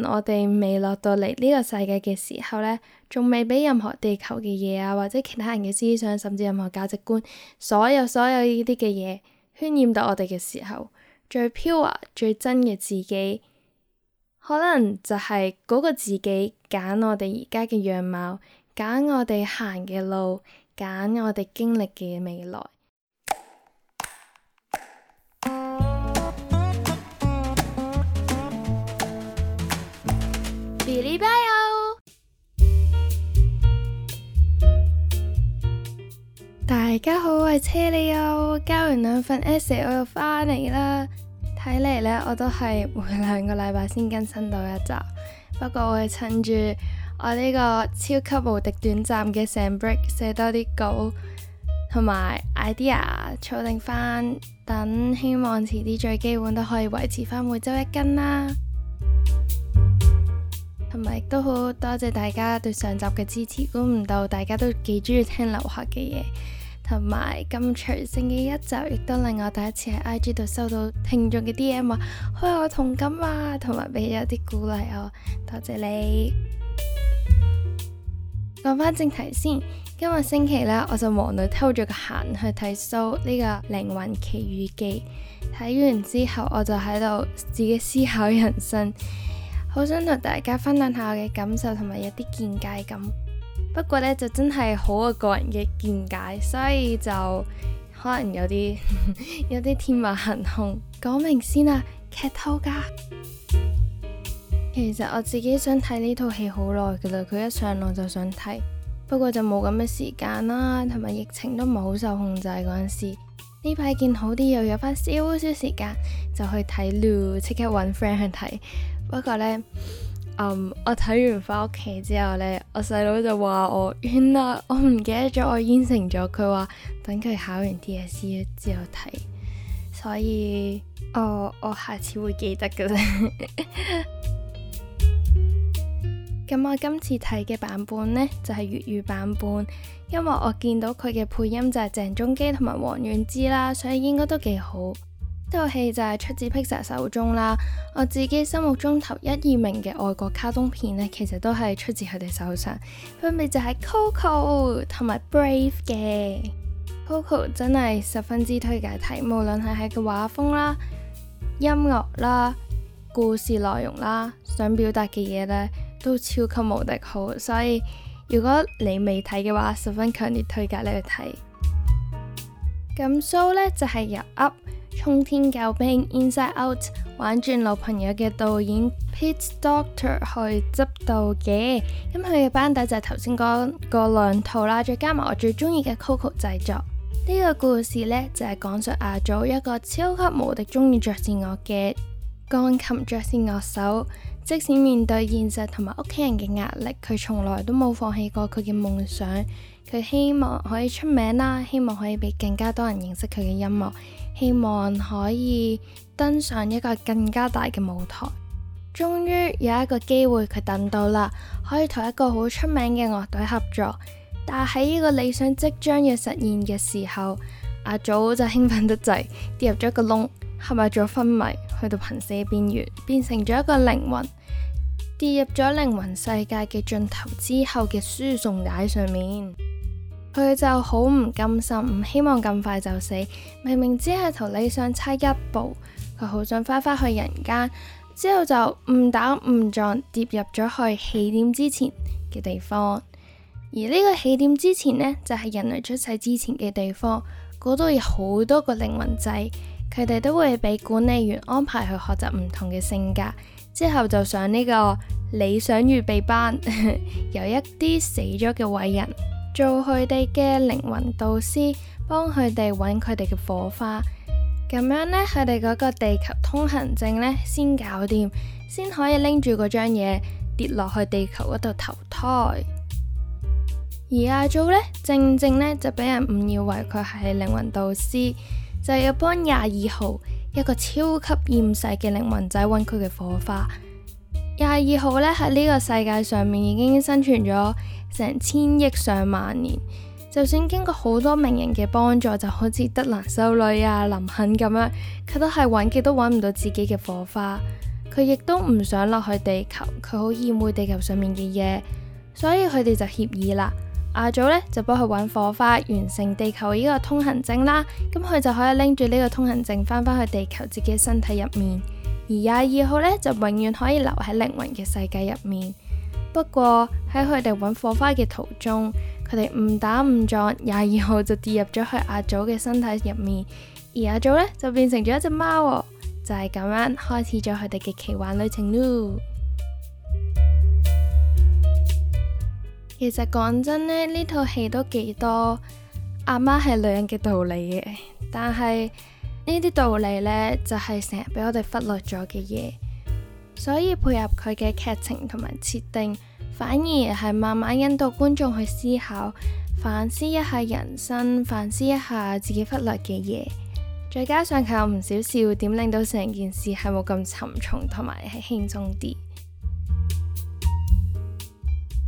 我哋未落到嚟呢個世界嘅時候咧，仲未俾任何地球嘅嘢啊，或者其他人嘅思想，甚至任何價值觀，所有所有呢啲嘅嘢渲染到我哋嘅時候，最 pure、最真嘅自己，可能就係嗰個自己揀我哋而家嘅樣貌，揀我哋行嘅路，揀我哋經歷嘅未來。大家好，我係車里奧，交完兩份 essay 我又返嚟啦。睇嚟呢，我都係每兩個禮拜先更新到一集。不過我會趁住我呢個超級無敵短暫嘅 sem break，寫多啲稿同埋 idea，儲定翻，等希望遲啲最基本都可以維持翻每周一更啦。同埋都好多謝大家對上集嘅支持，估唔到大家都幾中意聽留學嘅嘢，同埋咁隨性嘅一集亦都令我第一次喺 I G 度收到聽眾嘅 D M 話開、哎、我同感啊，同埋俾咗啲鼓勵我，多謝你。講翻 正題先，今個星期呢，我就忙到偷咗個閒去睇 show 呢個《靈魂奇遇記》，睇完之後我就喺度自己思考人生。好想同大家分享下我嘅感受，同埋有啲見解咁。不過呢，就真係好我個人嘅見解，所以就可能有啲 有啲天馬行空。講明先啦，劇透噶。 其實我自己想睇呢套戲好耐噶啦，佢一上嚟，就想睇，不過就冇咁嘅時間啦，同埋疫情都唔係好受控制嗰陣時。呢排見好啲，又有翻少少時間就去睇，立即刻搵 friend 去睇。不過呢，嗯，我睇完翻屋企之後呢，我細佬就話我，原來我唔記得咗我應承咗。佢話等佢考完 DSE 之後睇，所以我、哦、我下次會記得嘅咧。咁我今次睇嘅版本呢，就係、是、粵語版本，因為我見到佢嘅配音就係鄭中基同埋黃遠之啦，所以應該都幾好。呢套戲就係出自 Pixar 手中啦。我自己心目中頭一二名嘅外國卡通片呢，其實都係出自佢哋手上。分別就係《Coco》同埋《Brave》嘅。《Coco》真係十分之推介睇，無論係喺個畫風啦、音樂啦、故事內容啦，想表達嘅嘢呢，都超級無敵好，所以如果你未睇嘅話，十分強烈推介你去睇。咁 So 呢，就係、是、由 Up。《通天救兵》Inside Out、玩轉老朋友嘅導演 Pete Docter 去執導嘅，咁佢嘅班底就係頭先講嗰兩套啦，再加埋我最中意嘅 Coco 製作。呢、這個故事呢就係講述阿祖一個超級無敵中意爵士樂嘅鋼琴爵士樂手，即使面對現實同埋屋企人嘅壓力，佢從來都冇放棄過佢嘅夢想。佢希望可以出名啦，希望可以俾更加多人認識佢嘅音樂，希望可以登上一個更加大嘅舞台。終於有一個機會佢等到啦，可以同一個好出名嘅樂隊合作。但係喺呢個理想即將要實現嘅時候，阿祖就興奮得滯，跌入咗一個窿，合埋咗昏迷，去到瀕死邊緣，變成咗一個靈魂，跌入咗靈魂世界嘅盡頭之後嘅輸送帶上面。佢就好唔甘心，唔希望咁快就死。明明只係同理想差一步，佢好想翻返去人間。之後就誤打誤撞跌入咗去起點之前嘅地方。而呢個起點之前呢，就係人類出世之前嘅地方。嗰度有好多個靈魂仔，佢哋都會俾管理員安排去學習唔同嘅性格，之後就上呢個理想預備班，由 一啲死咗嘅偉人。做佢哋嘅靈魂導師，幫佢哋揾佢哋嘅火花，咁樣呢，佢哋嗰個地球通行證呢，先搞掂，先可以拎住嗰張嘢跌落去地球嗰度投胎。而阿祖呢，正正呢，就俾人誤以為佢係靈魂導師，就係要幫廿二號一個超級厭世嘅靈魂仔揾佢嘅火花。廿二號呢，喺呢個世界上面已經生存咗。成千億上萬年，就算經過好多名人嘅幫助，就好似德蘭修女啊、林肯咁樣，佢都係搵極都搵唔到自己嘅火花。佢亦都唔想落去地球，佢好厭惡地球上面嘅嘢，所以佢哋就協議啦。阿祖呢，就幫佢搵火花，完成地球呢個通行證啦，咁佢就可以拎住呢個通行證翻返去地球自己身體入面，而廿二號呢，就永遠可以留喺靈魂嘅世界入面。不過喺佢哋揾火花嘅途中，佢哋誤打誤撞，廿二號就跌入咗喺阿祖嘅身體入面，而阿祖呢，就變成咗一隻貓，哦，就係、是、咁樣開始咗佢哋嘅奇幻旅程咯。 其實講真呢，呢套戲都幾多阿媽係女人嘅道理嘅，但係呢啲道理呢，就係成日俾我哋忽略咗嘅嘢。所以配合佢嘅劇情同埋設定，反而係慢慢引導觀眾去思考、反思一下人生，反思一下自己忽略嘅嘢。再加上佢有唔少笑點，令到成件事係冇咁沉重，同埋係輕鬆啲。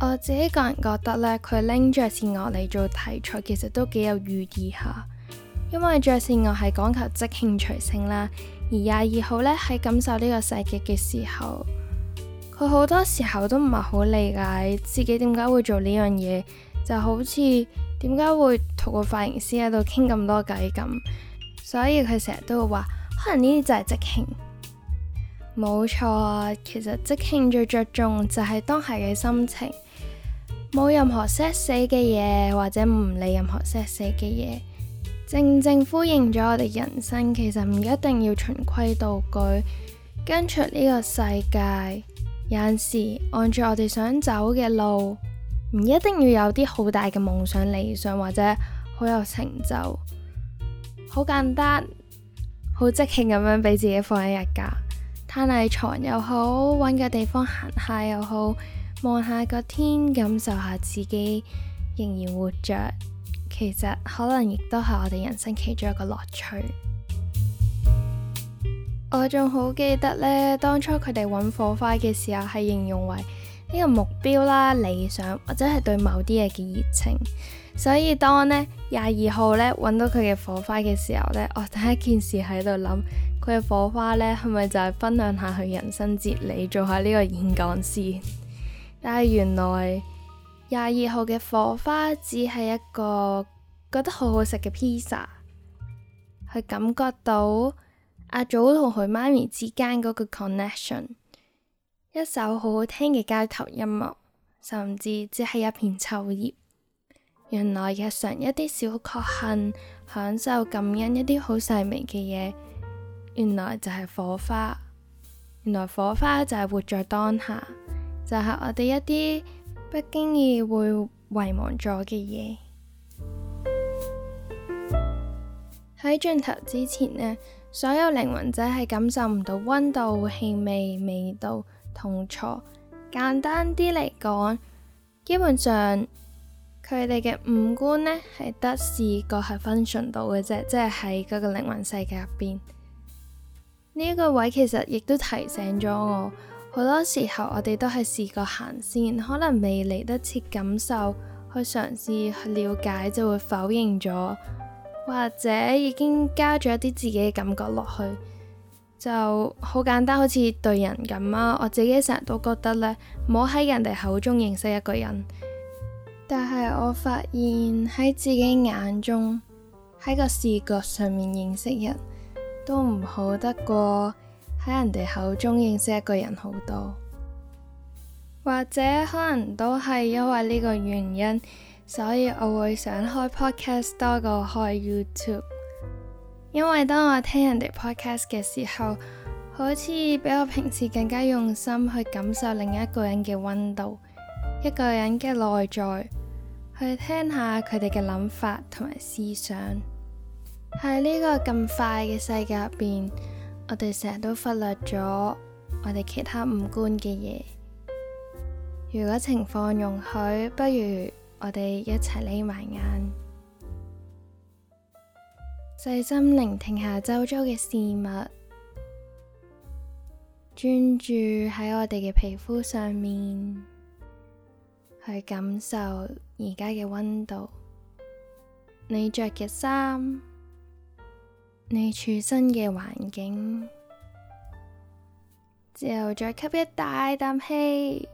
我自己個人覺得呢，佢拎爵士樂嚟做題材，其實都幾有寓意下。因為爵士樂係講求即興隨性啦，而廿二號呢，喺感受呢個世界嘅時候，佢好多時候都唔係好理解自己點解會做呢樣嘢，就好似點解會同個髮型師喺度傾咁多偈咁，所以佢成日都會話，可能呢啲就係即興。冇錯啊，其實即興最着重就係當下嘅心情，冇任何 set 死嘅嘢，或者唔理任何 set 死嘅嘢。正正呼應咗我哋人生，其實唔一定要循規蹈矩，跟住呢個世界。有陣時按住我哋想走嘅路，唔一定要有啲好大嘅夢想、理想或者好有成就。好簡單，好即興咁樣俾自己放一日假，攤喺床又好，搵個地方行下又好，望下個天，感受下自己仍然活着。其實可能亦都係我哋人生其中一個樂趣。 我仲好記得呢，當初佢哋揾火花嘅時候，係形容為呢個目標啦、理想或者係對某啲嘢嘅熱情。所以當呢，廿二號呢揾到佢嘅火花嘅時候呢，我第一件事喺度諗，佢嘅火花呢，係咪就係分享下佢人生哲理，做下呢個演講師？ 但係原來。廿二號嘅火花只係一個覺得好好食嘅披薩，佢感覺到阿祖同佢媽咪之間嗰個 connection，一首好好聽嘅街頭音樂，甚至只係一片秋葉。原來日常一啲小確幸，享受感恩一啲好細微嘅嘢，原來就係火花。原來火花就係活在當下，就係、是、我哋一啲不經意會遺忘咗嘅嘢，喺盡頭之前咧，所有靈魂仔係感受唔到溫度、氣味、味道、痛楚。簡單啲嚟講，基本上佢哋嘅五官呢，係得四個係分 u 到嘅啫，即係喺嗰個靈魂世界入邊呢一個位，其實亦都提醒咗我。好多時候，我哋都係試過行先，可能未嚟得切感受，去嘗試去了解，就會否認咗，或者已經加咗一啲自己嘅感覺落去，就好簡單，好似對人咁啊！我自己成日都覺得呢，唔好喺人哋口中認識一個人，但係我發現喺自己眼中，喺個視覺上面認識人都唔好得過。喺人哋口中認識一個人好多，或者可能都係因為呢個原因，所以我會想開 podcast 多過開 YouTube。因為當我聽人哋 podcast 嘅時候，好似比我平時更加用心去感受另一個人嘅温度，一個人嘅內在，去聽下佢哋嘅諗法同埋思想。喺呢個咁快嘅世界入邊。我哋成日都忽略咗我哋其他五官嘅嘢。如果情況容許，不如我哋一齊匿埋眼，細心聆聽下周遭嘅事物，專注喺我哋嘅皮膚上面，去感受而家嘅温度。你着嘅衫。你處身嘅環境，之後再吸一大啖氣。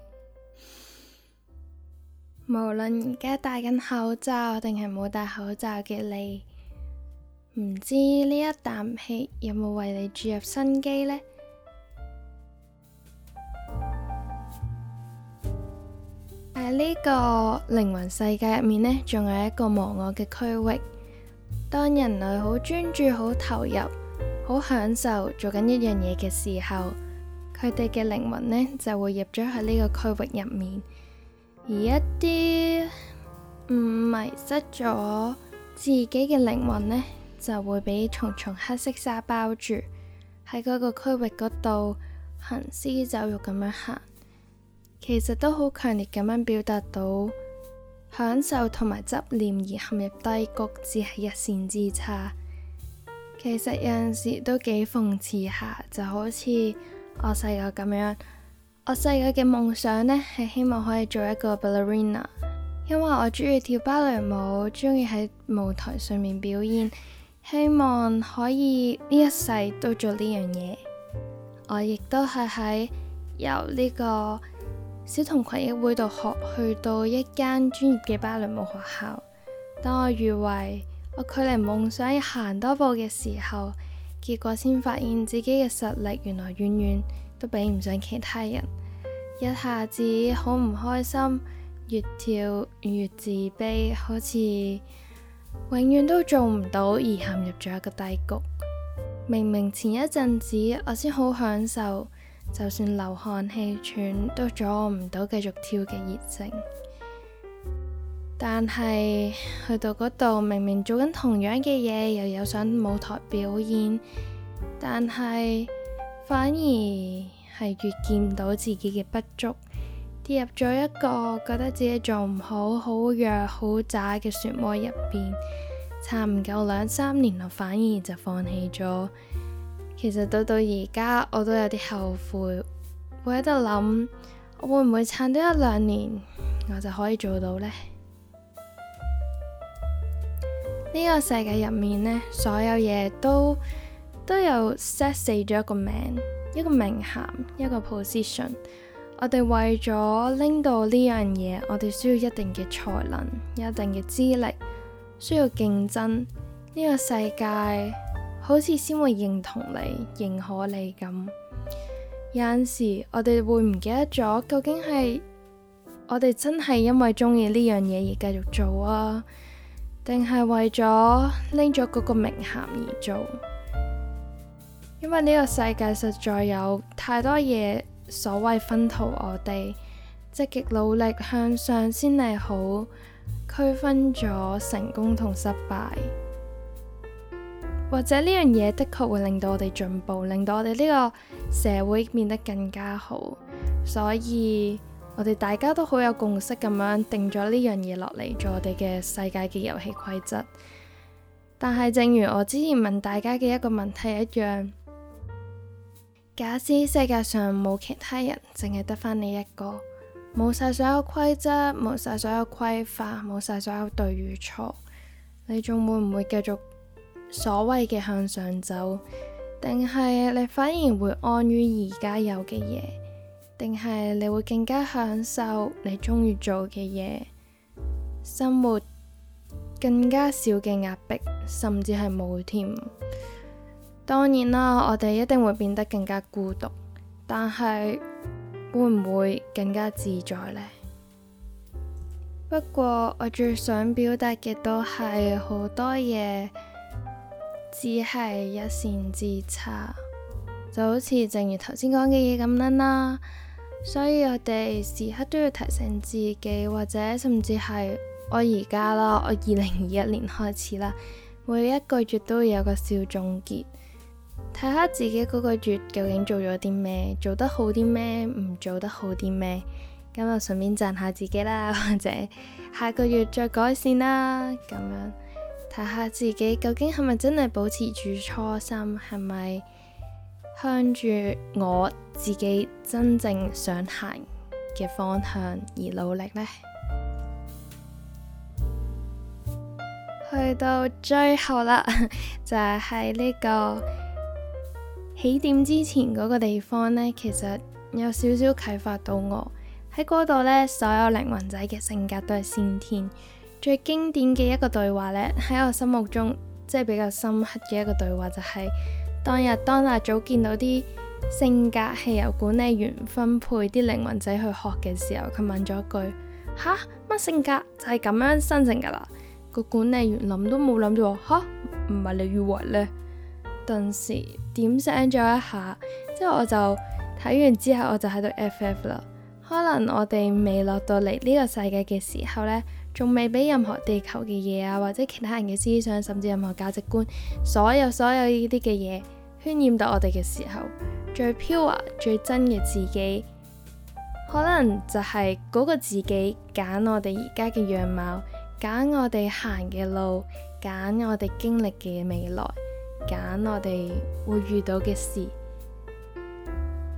無論而家戴緊口罩定係冇戴口罩嘅你，唔知呢一啖氣有冇為你注入新機呢？喺呢個靈魂世界入面呢，仲有一個忘我嘅區域。當人類好專注、好投入、好享受做緊一樣嘢嘅時候，佢哋嘅靈魂呢就會入咗去呢個區域入面；而一啲唔迷失咗自己嘅靈魂呢，就會俾重重黑色沙包住喺嗰個區域嗰度行屍走肉咁樣行。其實都好強烈咁樣表達到。享受同埋執念而陷入低谷，只係一線之差。其實有陣時都幾諷刺下，就好似我細個咁樣。我細個嘅夢想呢，係希望可以做一個 ballerina，因為我中意跳芭蕾舞，中意喺舞台上面表演，希望可以呢一世都做呢樣嘢。我亦都係喺由呢個。小童群益會度學，去到一間專業嘅芭蕾舞學校。當我以為我距離夢想要行多步嘅時候，結果先發現自己嘅實力原來遠遠都比唔上其他人，一下子好唔開心，越跳越自卑，好似永遠都做唔到，而陷入咗一個低谷。明明前一陣子我先好享受。就算流汗氣喘，都阻唔到繼續跳嘅熱情。但係去到嗰度，明明做緊同樣嘅嘢，又有上舞台表演，但係反而係越見到自己嘅不足，跌入咗一個覺得自己做唔好、好弱、好渣嘅漩渦入邊，撐唔夠兩三年，我反而就放棄咗。其實到到而家，我都有啲後悔，我喺度諗，我會唔會撐多一兩年，我就可以做到呢？呢 個世界入面呢，所有嘢都都有 set 死咗一個名，一個名銜，一個 position。我哋為咗拎到呢樣嘢，我哋需要一定嘅才能，一定嘅資歷，需要競爭。呢、呢個世界。好似先會認同你、認可你咁。有陣時我哋會唔記得咗，究竟係我哋真係因為中意呢樣嘢而繼續做啊，定係為咗拎咗嗰個名銜而做？因為呢個世界實在有太多嘢所謂分途，我哋積極努力向上先係好區分咗成功同失敗。或者呢樣嘢的確會令到我哋進步，令到我哋呢個社會變得更加好。所以我哋大家都好有共識咁樣定咗呢樣嘢落嚟做我哋嘅世界嘅遊戲規則。但係正如我之前問大家嘅一個問題一樣，假使世界上冇其他人，淨係得返你一個，冇晒所有規則，冇晒所有規範，冇晒所，所有對與錯，你仲會唔會繼續？所謂嘅向上走，定係你反而會安於而家有嘅嘢，定係你會更加享受你中意做嘅嘢，生活更加少嘅壓迫，甚至係冇添。當然啦，我哋一定會變得更加孤獨，但係會唔會更加自在呢？不過我最想表達嘅都係好多嘢。只係一線之差，就好似正如頭先講嘅嘢咁樣啦。所以我哋時刻都要提醒自己，或者甚至係我而家咯，我二零二一年開始啦，每一個月都會有個小總結，睇下自己嗰個月究竟做咗啲咩，做得好啲咩，唔做得好啲咩，咁就順便讚下自己啦，或者下個月再改善啦，咁樣。睇下自己究竟係咪真係保持住初心，係咪向住我自己真正想行嘅方向而努力呢？ 去到最後啦，就係喺呢個起點之前嗰個地方呢，其實有少少啟發到我。喺嗰度呢，所有靈魂仔嘅性格都係先天。最經典嘅一個對話呢，喺我心目中即係比較深刻嘅一個對話，就是，就係當日當阿祖見到啲性格係由管理員分配啲靈魂仔去學嘅時候，佢問咗句：吓乜性格就係、是、咁樣生成噶啦？個管理員諗都冇諗就話：吓唔係你以為呢？」「頓時點醒咗一下，即係我就睇完之後我就喺度 FF 啦。可能我哋未落到嚟呢個世界嘅時候呢。」仲未俾任何地球嘅嘢啊，或者其他人嘅思想，甚至任何價值觀，所有所有呢啲嘅嘢，渲染到我哋嘅時候，最 pure、最真嘅自己，可能就係嗰個自己揀我哋而家嘅樣貌，揀我哋行嘅路，揀我哋經歷嘅未來，揀我哋會遇到嘅事，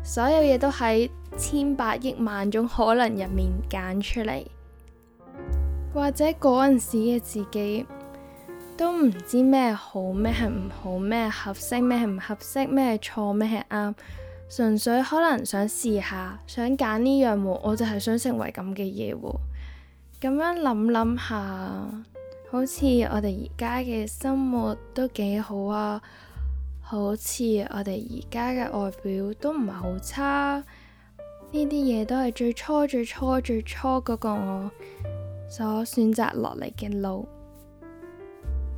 所有嘢都喺千百億萬種可能入面揀出嚟。或者嗰陣時嘅自己都唔知咩好，咩係唔好，咩合適，咩係唔合適，咩係錯，咩係啱，純粹可能想試下，想揀呢樣，我就係想成為咁嘅嘢喎。咁樣諗諗下，好似我哋而家嘅生活都幾好啊，好似我哋而家嘅外表都唔係好差，呢啲嘢都係最初最初最初嗰個我啊。所選擇落嚟嘅路，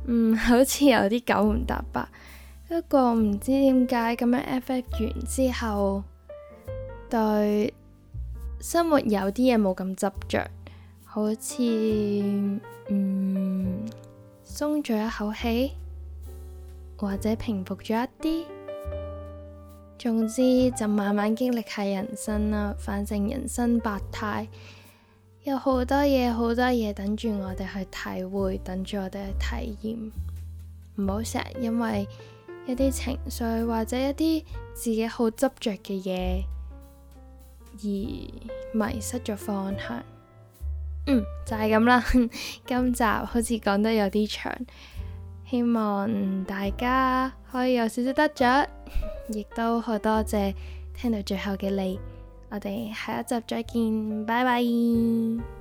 嗯，好似有啲九唔搭八，不過唔知點解咁樣 FF 完之後，對生活有啲嘢冇咁執着，好似嗯鬆咗一口氣，或者平復咗一啲，總之就慢慢經歷係人生啦。反正人生百態。有好多嘢，好多嘢等住我哋去體會，等住我哋去體驗。唔好成日因為一啲情緒或者一啲自己好執着嘅嘢而迷失咗方向。嗯，就係咁啦。 今集好似講得有啲長，希望大家可以有少少得着，亦都好多謝聽到最後嘅你。我哋下一集再見，拜拜。